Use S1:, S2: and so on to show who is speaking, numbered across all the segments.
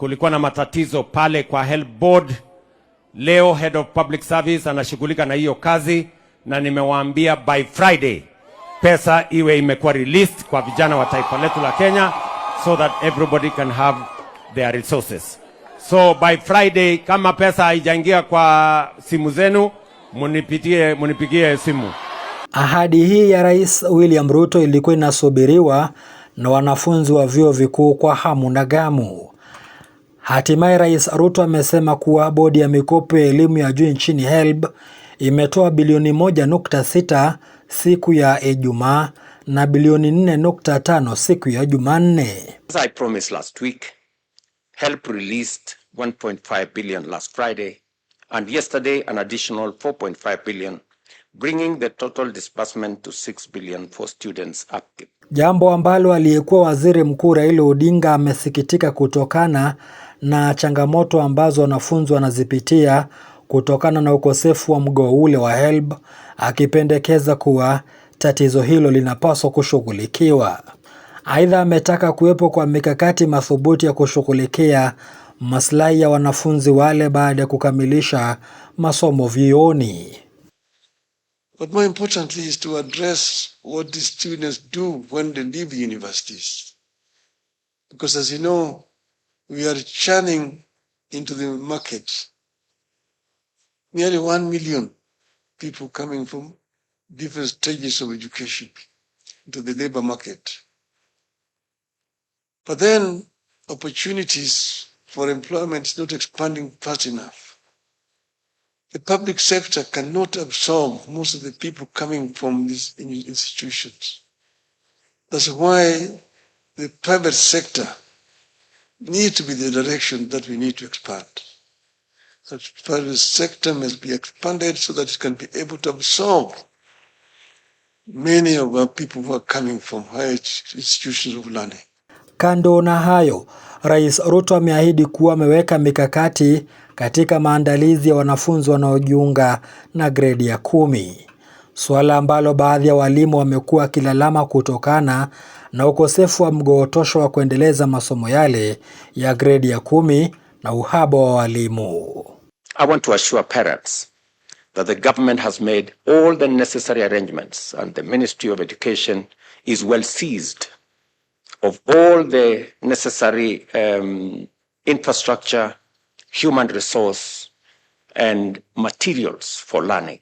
S1: kulikuwa na matatizo pale kwa Helb Board. Leo Head of Public Service anashughulika na hiyo kazi, na nimewaambia by Friday pesa iwe imekuwa released kwa vijana wa taifa letu la Kenya so that everybody can have their resources. So by Friday kama pesa haijaingia kwa simu zenu, munipitie munipigie simu.
S2: Ahadi hii ya Rais William Ruto ilikuwa inasubiriwa na wanafunzi wa vyuo vikuu kwa hamu na gamu. Hatimaye Rais Ruto amesema kuwa bodi ya mikopo ya elimu ya juu nchini HELB imetoa bilioni 1.6 siku ya Ijumaa na bilioni 4.5 siku ya Jumanne.
S3: As I promised last week, HELB released 1.5 billion last Friday and yesterday an additional 4.5 billion bringing the total disbursement to 6 billion for students up.
S2: Jambo ambalo aliyekuwa Waziri Mkuu Raila Odinga amesikitika kutokana na changamoto ambazo wanafunzi wanazipitia kutokana na ukosefu wa mgao ule wa HELB, akipendekeza kuwa tatizo hilo linapaswa kushughulikiwa. Aidha, ametaka kuwepo kwa mikakati mathubuti ya kushughulikia maslahi ya wanafunzi wale baada ya kukamilisha masomo vyuoni.
S4: But more importantly is to address what the students do when they leave the universities. Because as you know, we are churning into the markets. Nearly one million people coming from different stages of education into the labor market. But then opportunities for employment is not expanding fast enough. The public sector cannot absorb most of the people coming from these institutions. That's why the private sector needs to be the direction that we need to expand. That private sector must be expanded so that it can be able to absorb many of our people who are coming from higher institutions of learning.
S2: Kando na hayo, Rais Ruto ameahidi kuwa ameweka mikakati katika maandalizi ya wanafunzi wanaojiunga na gredi ya kumi suala ambalo baadhi ya walimu wamekuwa wakilalama kutokana na ukosefu wa mgootosho wa kuendeleza masomo yale ya gredi ya kumi na uhaba wa walimu.
S3: I want to assure parents that the government has made all the necessary arrangements and the Ministry of Education is well seized of all the necessary um, infrastructure, human resource and materials for learning.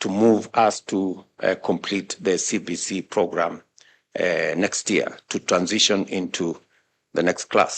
S3: to move us to uh, complete the CBC program uh, next year to transition into the next class.